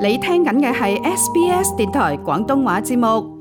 你聽緊嘅係 SBS 電台廣東話節目。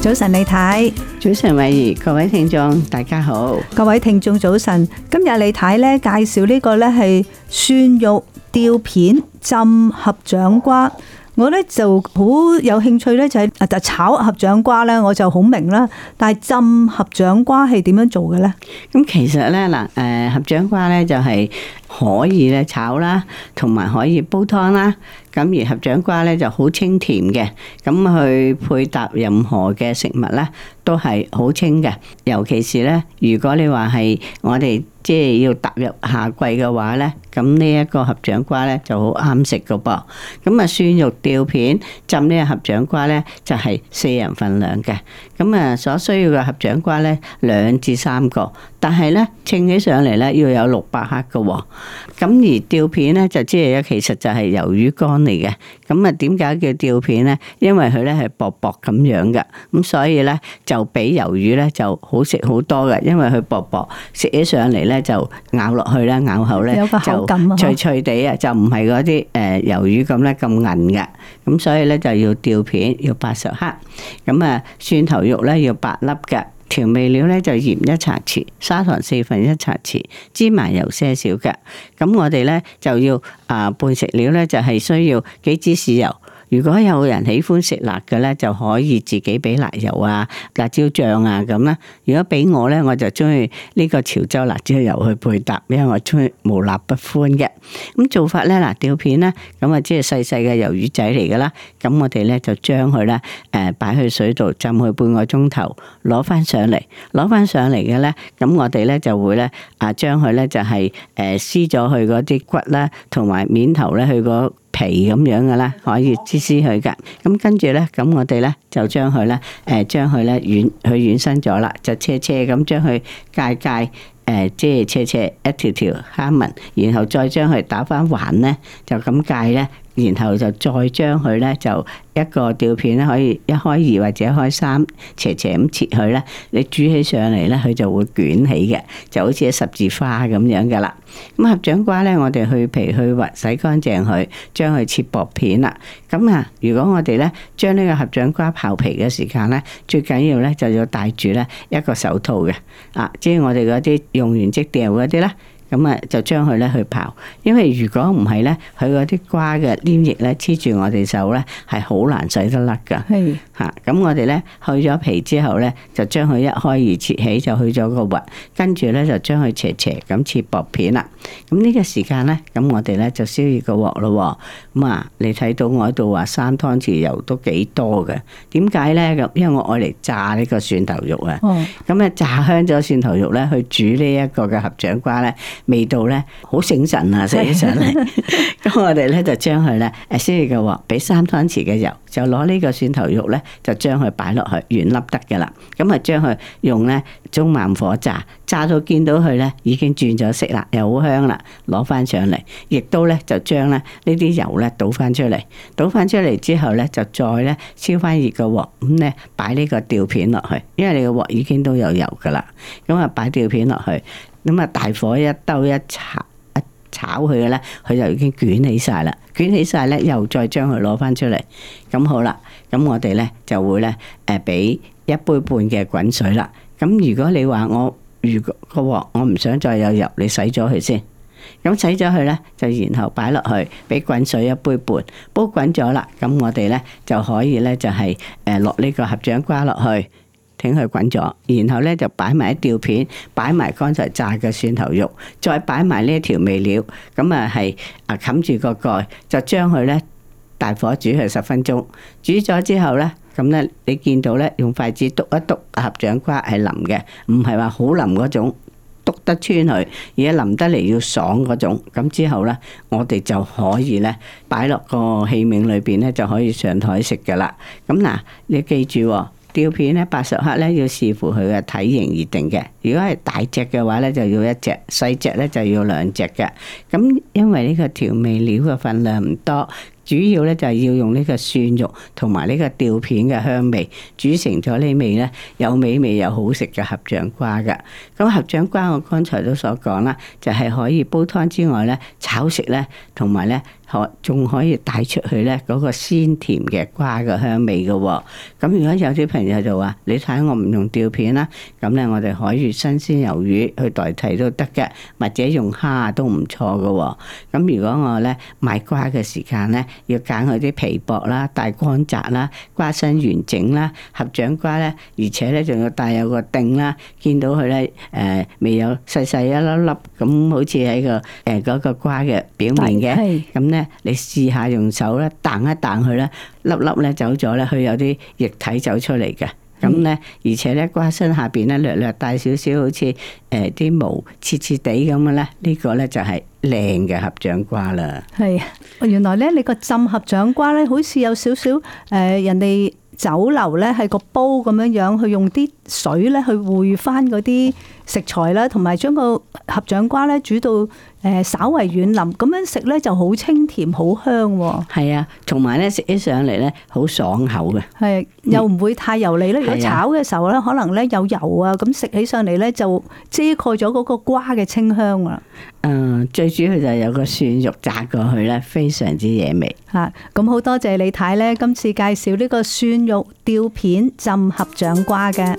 早晨，李太。早晨，慧怡，各位聽眾，大家好。各位聽眾，早晨。今日李太咧，介紹呢個咧係蒜肉吊片浸合掌瓜。我咧就好有興趣咧，就係啊，就炒合掌瓜咧，我就好明啦。但係浸合掌瓜係點樣做嘅咧？咁其實咧嗱，誒合掌瓜咧就係。可以咧炒啦，同埋可以煲湯啦。咁而合掌瓜咧就好清甜嘅，咁去配搭任何嘅食物咧都係好清嘅。尤其是咧，如果你話係我哋即係要踏入夏季嘅話咧，咁呢一個合掌瓜咧就好啱食嘅噃。咁啊，蒜肉吊片浸呢個合掌瓜咧，就係四人份量嘅。咁啊，所需要嘅合掌瓜咧兩至三個，但係咧稱起上嚟咧要有六百克嘅喎。咁而吊片咧就即係咧，其實就係魷魚乾嚟嘅。咁啊，點解叫吊片咧？因為佢咧係薄薄咁樣嘅，咁所以咧就比魷魚咧就好食好多嘅，因為佢薄薄食起上嚟咧就咬落去咧咬口咧有脆脆地啊，就唔係嗰啲誒魷魚咁咧咁韌嘅。咁所以咧就要吊片，要八十克，咁啊蒜頭肉咧要八粒嘅。調味料呢就鹽一茶匙，砂糖四分一茶匙，芝麻油些少嘅。咁我哋呢，就要啊，拌食料呢就係、是、需要幾支豉油。如果有人喜歡食辣嘅咧，就可以自己俾辣油啊、辣椒醬啊咁啦。如果俾我咧，我就中意呢個潮州辣椒油去配搭，因為我中意無辣不歡嘅。咁做法咧，嗱，吊片啦，咁啊，即係細細嘅魷魚仔嚟噶啦。咁我哋咧就將佢咧，誒、呃、擺去水度浸佢半個鐘頭，攞翻上嚟，攞翻上嚟嘅咧，咁我哋咧就會咧，啊將佢咧就係、是、誒、呃、撕咗佢嗰啲骨啦，同埋面頭咧佢個。皮咁樣噶啦，可以支支佢噶，咁跟住咧，咁我哋咧就將佢咧，誒，將佢咧軟，佢軟身咗啦，就斜斜咁將佢界界，誒，即係斜斜一條條花紋，然後再將佢打翻橫咧，就咁界咧。然後就再將佢咧，就一個吊片咧，可以一開二或者一開三，斜斜咁切佢咧。你煮起上嚟咧，佢就會捲起嘅，就好似十字花咁樣嘅啦。咁合掌瓜咧，我哋去皮去核，洗乾淨佢，將佢切薄片啦。咁啊，如果我哋咧將呢個合掌瓜刨皮嘅時間咧，最緊要咧就要戴住咧一個手套嘅。啊，即係我哋嗰啲用完即掉嗰啲咧。咁啊，就將佢咧去刨，因為如果唔係咧，佢嗰啲瓜嘅黏液咧黐住我哋手咧，係好難洗得甩噶。係嚇是，咁、啊、我哋咧去咗皮之後咧，就將佢一開二切起，就去咗個核，跟住咧就將佢斜斜咁切薄片啦。咁呢個時間咧，咁我哋咧就燒熱個鑊咯。咁啊，你睇到我喺度話三湯匙油都幾多嘅？點解咧？咁因為我愛嚟炸呢個蒜頭肉啊。哦。咁啊，炸香咗蒜頭肉咧，去煮呢一個嘅合掌瓜咧。味道咧好醒神啊！食起上嚟，咁 我哋咧就將佢咧誒，先熱嘅鑊，俾三湯匙嘅油，就攞呢個蒜頭肉咧，就將佢擺落去，原粒得嘅啦。咁啊，將佢用咧中慢火炸，炸到見到佢咧已經轉咗色啦，又好香啦，攞翻上嚟，亦都咧就將咧呢啲油咧倒翻出嚟，倒翻出嚟之後咧就再咧燒翻熱嘅鑊，咁咧擺呢個吊片落去，因為你個鑊已經都有油噶啦，咁啊擺吊片落去。咁啊大火一兜一炒一炒佢咧，佢就已經捲起晒啦。捲起晒咧，又再將佢攞翻出嚟。咁好啦，咁我哋咧就會咧誒，俾一杯半嘅滾水啦。咁如果你話我如個鑊我唔想再有油，你洗咗佢先。咁洗咗佢咧，就然後擺落去俾滾水一杯半，煲滾咗啦。咁我哋咧就可以咧就係誒落呢個合掌瓜落去。整佢滾咗，然後咧就擺埋啲吊片，擺埋剛才炸嘅蒜頭肉，再擺埋呢一條味料，咁啊係啊冚住個蓋，就將佢咧大火煮佢十分鐘。煮咗之後咧，咁咧你見到咧用筷子篤一篤合掌瓜係淋嘅，唔係話好淋嗰種，篤得穿佢，而係淋得嚟要爽嗰種。咁之後咧，我哋就可以咧擺落個器皿裏邊咧，就可以上枱食㗎喇。咁嗱，你記住。吊片咧，八十克咧，要視乎佢嘅體型而定嘅。如果係大隻嘅話咧，就要一隻；細隻咧就要兩隻嘅。咁因為呢個調味料嘅份量唔多，主要咧就係要用呢個蒜肉同埋呢個吊片嘅香味，煮成咗呢味咧，有美味又好食嘅合掌瓜嘅。咁合掌瓜我剛才都所講啦，就係可以煲湯之外咧，炒食咧，同埋咧。可仲可以帶出去咧，嗰個鮮甜嘅瓜嘅香味嘅喎、哦。咁如果有啲朋友就話：你睇我唔用吊片啦，咁咧我哋可以新鮮魷魚去代替都得嘅，或者用蝦啊都唔錯嘅喎。咁如果我咧買瓜嘅時間咧，要揀佢啲皮薄啦、帶光澤啦、瓜身完整啦、合掌瓜咧，而且咧仲要帶有個頂啦，見到佢咧誒未有細細一粒粒。咁、嗯、好似喺個誒、欸嗰個瓜嘅表面嘅，咁咧你試下用手咧彈一彈佢咧，粒粒咧走咗咧，佢有啲液體走出嚟嘅。咁咧，而且咧瓜身下邊咧略略大少少，好似誒啲毛刺刺，切切地咁嘅咧。呢個咧就係靚嘅合掌瓜啦。係啊，原來咧你個浸合掌瓜咧，好似有少少誒、呃、人哋。酒樓呢係個煲咁樣樣，佢用啲水呢去燴翻嗰啲食材啦，同埋將個合掌瓜呢煮到。誒，稍為軟腍咁樣食咧，就好清甜，好香。係啊，同埋咧食起上嚟咧，好爽口嘅。係，又唔會太油膩咧。的如果炒嘅時候咧，可能咧有油啊，咁食的起上嚟咧就遮蓋咗嗰個瓜嘅清香啊。誒、嗯，最主要就係有個蒜肉炸過去咧，非常之惹味。吓，咁好多謝你睇咧，今次介紹呢個蒜肉吊片浸合掌瓜嘅。